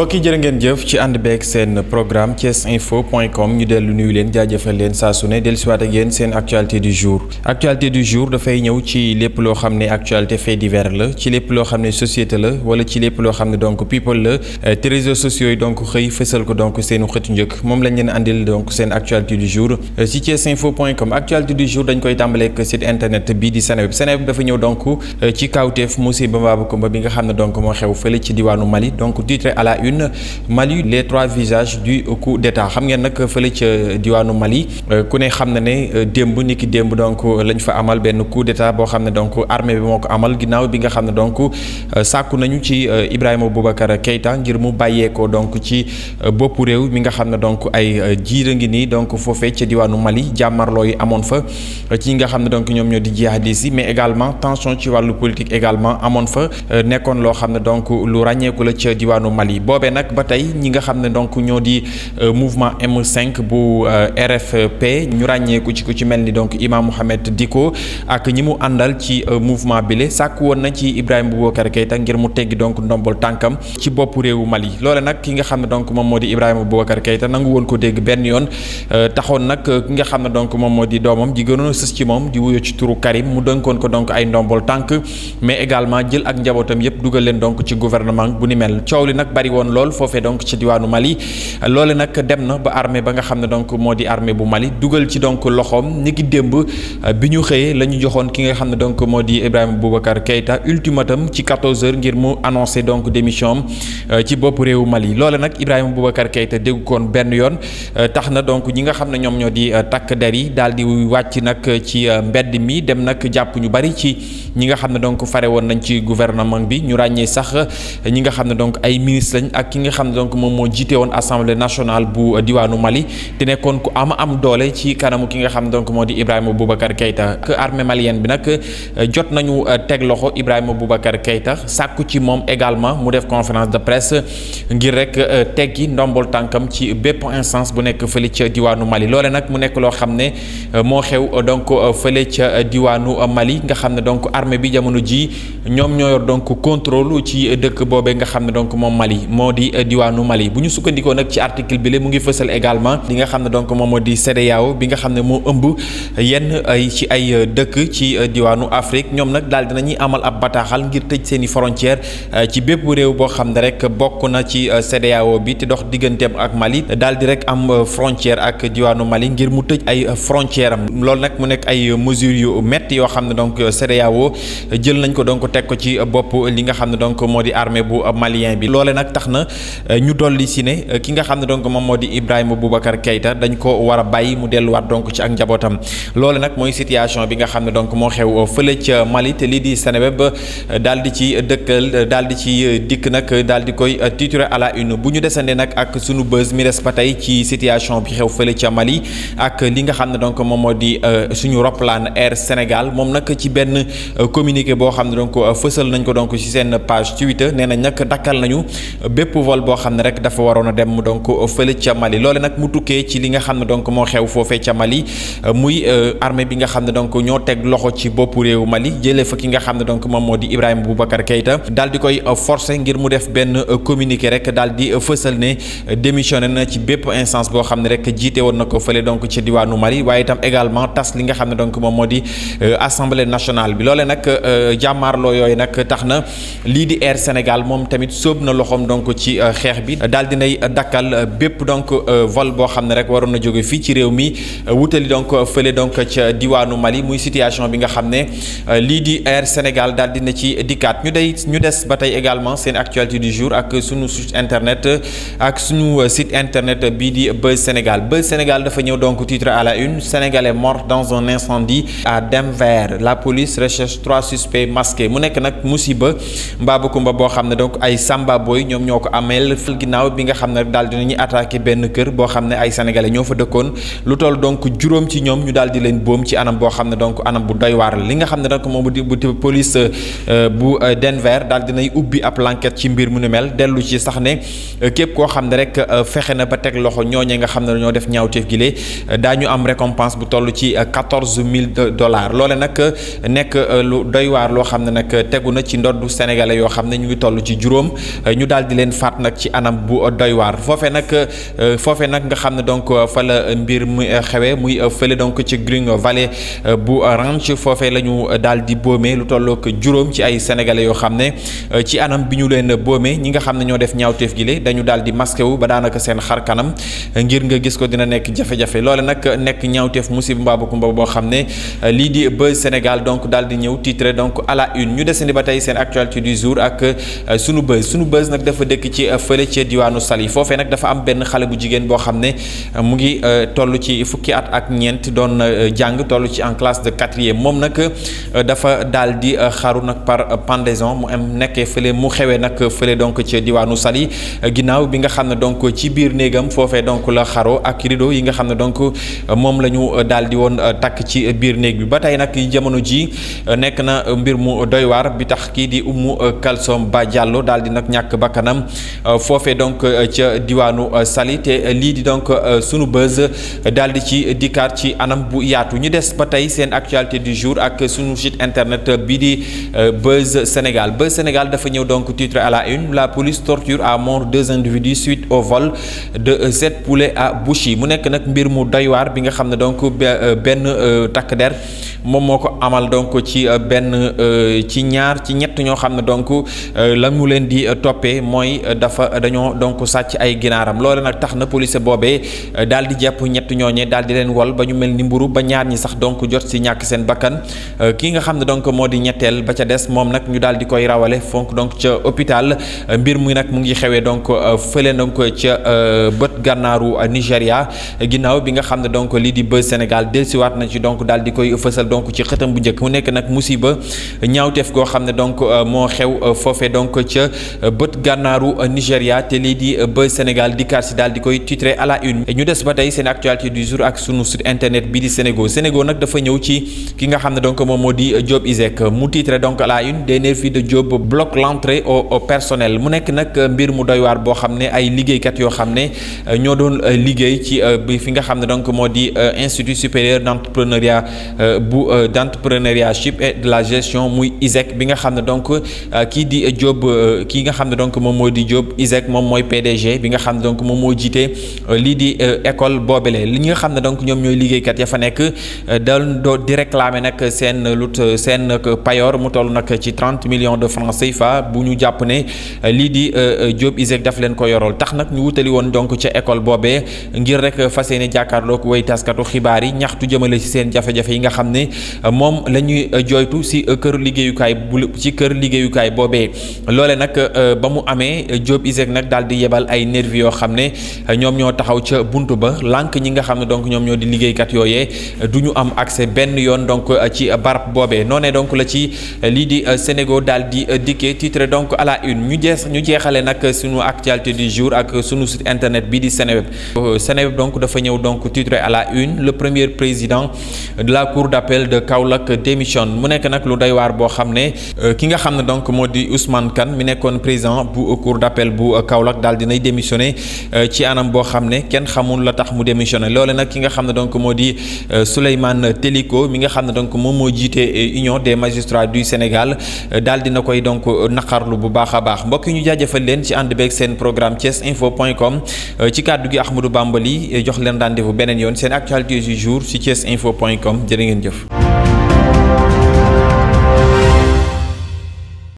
mbokk yi jërë ngeen jëf ci ànd beeg seen programme Thiès info point ñu dellu nuyu leen jaajëfal leen saa su ne dellusiwaat ak yéen seen actualité du jour actualité du jour dafay ñëw ci lépp loo xam ne actualité fait divers la ci lépp loo xam ne société la wala ci lépp loo xam ne donc people la euh, te réseaux sociaux yi donc xëy fësal ko donc seenu xëtu njëkk moom lañ leen andil donc seen actualité du jour ci euh, Thiès info point com actualité du jour dañ koy tàmbaleek site internet bii di Seneweb Seneweb dafa ñëw donc euh, bi nga xam ne donc moo xew fële ci diwaanu Mali donc titre une Mali les trois visages du coup d'état xam ngeen nag fële ca diwaanu Mali euh, ku ne xam na ne euh, démb ni ki démb donc euh, lañ fa amal benn coup d'état boo xam ne donc armée bi moo ko amal ginnaaw bi nga xam ne donc sàkku nañu ci Ibrahima Boubacar Keïta ngir mu bàyyeekoo donc ci boppu réew mi nga xam ne donc ay a ngi nii donc foofee ca diwaanu Mali jàmmarloo yi amoon fa ci nga xam ne donc ñoom ñoo di a jihadis yi mais également tension ci wàllu politique également amoon fa nekkoon loo xam ne donc lu ràññeeku la ca diwaanu Mali boobee nag ba tey ñi nga xam ne donc ñoo di euh, mouvement M5 bu euh, RFP ñu ràññeeku ci ko ci mel ni donc Imam di ko ak ñi mu àndal ci euh, mouvement bile sàkk woon na ci Ibrahima Boubacar Keïta ngir mu teggi donc ndombol tànkam ci bopp réewu Mali loole nag ki nga xam ne donc moom moo di Ibrahima Boubacar Keïta nangu woon ko dégg benn yoon taxoon nag ki nga xam ne donc moom moo di doomam ji gënoon a sës ci moom di wuyoo ci turu Karim mu donkoon ko donc ay ndombol tànk mais également jël ak njabootam yëpp dugal leen donc ci gouvernement bu ni mel coow li nag bari woon lool foofee donc ci diwaanu Mali loole nag dem na ba armée ba nga xam ne donc moo di armée bu Mali dugal ci donc loxoom ni ki démb euh, bi ñu xëyee la ñu joxoon ki nga xam ne donc moo di Ibrahima Boubacar Keïta ultimatum ci 14 heures ngir mu annoncé donc démission euh, ci bopp réewu Mali loole nag Ibrahima Boubacar Keïta dégg koon benn yoon euh, tax na donc ñi nga xam ne ñoom ñoo di takk der yi daal di wàcc nag ci mbedd mi dem nag jàpp ñu bari ci ñi nga xam ne donc fare woon nañ ci gouvernement bi ñu ràññee sax ak ki nga xam ne donc moom moo jiite woon assemblée nationale bu euh, diwaanu Mali te nekkoon ku am am doole ci kanamu ki nga xam ne donc moo di Ibrahima Boubacar Keïta que armée malienne bi nag euh, jot nañu euh, teg loxo Ibrahima Boubacar Keïta sàkku ci moom également mu def conférence de presse ngir rek teggi ndombol tànkam ci bépp instance bu nekk fële ca diwaanu Mali loole nag mu nekk loo xam ne moo xew donc fële ca diwaanu Mali nga xam ne donc armée bi jamono ji ñoom ñoo yor donc contrôle ci dëkk boobee nga xam ne donc moom Mali moo di eh, diwaanu Mali bu ñu sukkandikoo nag ci article bi la mu ngi fësal également li nga xam ne donc moom moo di CEDEAO bi nga xam ne moo ëmb yenn ay ci ay eh, dëkk ci eh, diwaanu Afrique ñoom nag daal dinañuy amal ab bataaxal ngir tëj seeni frontière ci bépp réew boo xam ne rek bokk na ci CEDEAO bi te dox digganteem ak Mali daal di rek am frontière ak diwaanu Mali ngir mu tëj ay frontière am loolu nag mu nekk ay mesures yu yoo xam ne donc CEDEAO moo di armée bu malien bi loole nag tax na euh, ñu dolli si ne euh, ki nga xam ne donc moom moo di Ibrahima Boubacar Keita dañ ko war a bàyyi mu delluwaat donc ci ak njabootam loolu nag mooy situation bi nga xam ne donc moo xew euh, fële ca Mali lii di Seneweb daal di ci dëkkal daal di ci dikk nag daal di koy titrer à une bu ñu desandee nag ak sunu bës mi des tey ci situation bi xew fële ca Mali ak li nga xam ne donc moom moo di suñu roplaan Air Sénégal moom nag ci benn communiqué boo xam ne donc fësal nañ ko donc ci seen page Twitter nee nañ nag dakkal nañu. bépp vol boo xam ne rek dafa waroon a dem donc fële ca Mali loole nag mu tukkee ci li nga xam ne donc moo xew foofee ca Mali euh, muy euh, armée bi nga xam ne donc ñoo teg loxo ci boppu réewu Mali jëlee fa ki nga xam ne donc moom moo di Ibrahima Boubacar Keïta daal di koy euh, forcer ngir mu def benn communiqué rek daal di fësal ne démissionné na ci bépp instance boo xam ne rek jiite woon na ko fële donc ci diwaanu Mali waaye itam également tas li nga xam ne donc moom moo di assemblée nationale bi loole nag jàmmaarloo yooyu nag tax na lii di Air Sénégal moom tamit sóob na loxoom donc ko ci euh, xeex bi daal dinay dakkal euh, bépp donc euh, vol boo xam ne rek waroon na jóge fii ci réew mi wutali donc fële donc ca diwaanu Mali muy situation bi nga xam ne lii di Air Sénégal daal dina ci dikkaat ñu day ñu des ba tey également seen actualité du jour ak sunu site internet ak sunu site internet bii di Buzz Sénégal Buzz Sénégal dafa ñëw donc titre à la une Sénégalais mort dans un incendie à Denver la police recherche trois suspects masqués mu nekk nag musiba mbaa ko ameel ginnaaw bi nga xam ne rek daal dinañuy attaqué benn kër boo xam ne ay sénégalais ñoo fa dëkkoon lu toll donc juróom ci ñoom ñu daal di leen boom ci anam boo xam ne donc anam bu doy waar li nga xam ne donc moom bu police euh, bu euh, Denver daal dinay ubbi ab ci mbir mu ni dellu ci sax ne euh, képp koo xam ne rek fexe na ba teg loxo ñooñee nga xam ne dañoo def ñaawteef gile daañu am récompense bu toll ci quatorze mille dollars loole nag nekk lu doy loo xam ne nag tegu na ci ndoddu sénégalais yoo xam ne ñu ngi toll ci juróom ñu daal leen leen faat nag ci anam bu doy waar foofee nag euh, foofee nag nga xam ne donc euh, fa la mbir muy euh, xewee muy fële donc ci Green Valley bu Ranch foofee la ñu daal di boomee lu tollook juróom ci ay sénégalais yoo xam ne ci anam bi ñu leen boomee ñi nga xam ne ñoo def ñaawteef gi dañu daal di masqué wu ba daanaka seen xar kanam ngir nga gis ko dina nekk jafe-jafe loole nag nekk ñaawteef musiba mbaa kumba boo xam ne lii di Buzz Sénégal donc daal di ñëw tiitre donc ala la une ñu desandi ba tey seen actualité du jour ak sunu Buzz sunu Buzz dëkk ci euh, fële ci diwaanu sali foofee nag dafa am benn xale bu jigéen boo xam ne euh, mu ngi euh, toll ci fukki at ak ñeent doon jàng toll ci en classe de quatrième moom nag dafa daal di xaru nag par pendeson mu am nekkee fële mu xewee nag fële donc ci diwaanu sali ginnaaw bi nga xam ne donc ci biir néegam foofe donc la xaro ak rideau yi nga xam ne donc moom la ñu daal di woon takk ci biir néeg bi ba tey nag jamono ji nekk na mbir mu doy waar bi tax kii di Umu Kalsom Ba Diallo daal di nag ñàkk bakkanam maanaam euh, foofee donc euh, ca diwaanu euh, Saly te lii di donc sunu buzz daal di ci dikkaar ci anam bu yaatu ñu des ba tey seen actualité du jour ak sunu site internet bi di buzz Sénégal buzz Sénégal dafa ñëw donc titre à la une la police torture à mort deux individus suite au vol de sept poulets à Bouchy mu nekk nag mbir mu doy bi nga xam ne donc benn takk der moom moo ko amal donc ci benn ci ñaar ci ñett ñoo xam ne donc la leen di toppee mooy dafa dañoo donc sàcc ay ginaaram loole nag tax na police boobee euh, daal di jàpp ñett ñooñee daal di leen wal ba ñu mel ni mburu ba ñaar ñi sax donc jot si ñàkk seen bakkan euh, kii nga xam ne donc moo di ñetteel ba ca des moom nag ñu daal di koy rawale fonk donc ca hôpital euh, mbir mi nag mu ngi xewee donc fële donc ca bët gànnaaru Nigéria ginnaaw bi nga xam ne donc lii di Buzz Sénégal dellusiwaat na donc daal di koy fësal donc ci xëtam bu njëkk mu nekk nag musiba ñaawteef goo xew foofee donc ca bët gànnaaru aaru euh, Nigéria te lii di euh, Buzz Sénégal di kaar si daal di koy titré à la une ñu des ba tey seen actualité du jour ak sunu site internet bi di Sénégal Sénégal nag dafa ñëw ci ki nga xam ne donc moom moo di euh, Diop Iseg mu titré donc la une des nervis de Diop bloque l'entrée au personnel mu nekk nag mbir mu doy boo xam ne ay liggéeykat yoo xam ne ñoo doon liggéey ci fi nga xam ne donc moo di institut supérieur d'entrepreneuriat bu d'entrepreneurship et de la gestion muy Iseg bi nga xam ne donc kii di Diop kii nga xam ne donc moom Modi Diop ISEC moom mooy PDG bi nga xam ne donc moom moo jiite euh, lii di euh, école boobele li nga xam ne donc ñoom ñooy liggéeykat ya fa nekk euh, dal doo di réclamer nag seen lut seen payoor mu toll nag ci trente millions de francs CFA bu ñu jàpp ne lii di Diop ISEC daf leen ko yorool tax nag ñu wutali woon donc ca école boobee ngir rek fa fas yéene jàkkaarloog way taskatu xibaar yi ñaxtu jëmale ci seen jafe-jafe yi nga xam ne moom lañuy jooytu si kër liggéeyukaay ci kër liggéeyukaay boobee ne eh, Diop ISEG nag daal di yebal ay nervi yoo xam ne eh, ñoom ñoo taxaw ca buntu ba lànk ñi nga xam ne donc ñoom ñoo di liggéeykat yooyee eh, du ñu am accès benn yoon donc ci barab boobee noonee donc la ci lii di Sénégal daal di dikkee titre donc à la une ñu jeex ñu jeexale nag suñu actualité du jour ak sunu site internet bi di Seneweb Seneweb donc dafa ñëw donc titre à la une le premier président la cour d'appel de Kaolack démissionne mu nekk nag lu doy waar boo xam ne ki cour d'appel bu Kaolack daal dinay démissionné euh, ci anam boo xam ne kenn xamul la tax mu démissionné loole nag ki nga xam ne donc moo di euh, Souleymane Teliko mi nga xam ne donc moom moo jiite euh, Union des magistrats du Sénégal daal dina koy donc naqarlu bu baax a baax mbokk yi ñu jaajëfal leen ci ànd beeg seen programme Thiès info point com ci kàddu gi Ahmadou Bambali jox leen rendez-vous beneen yoon seen actualité du jour ci Thiès info point com jërë ngeen jëf.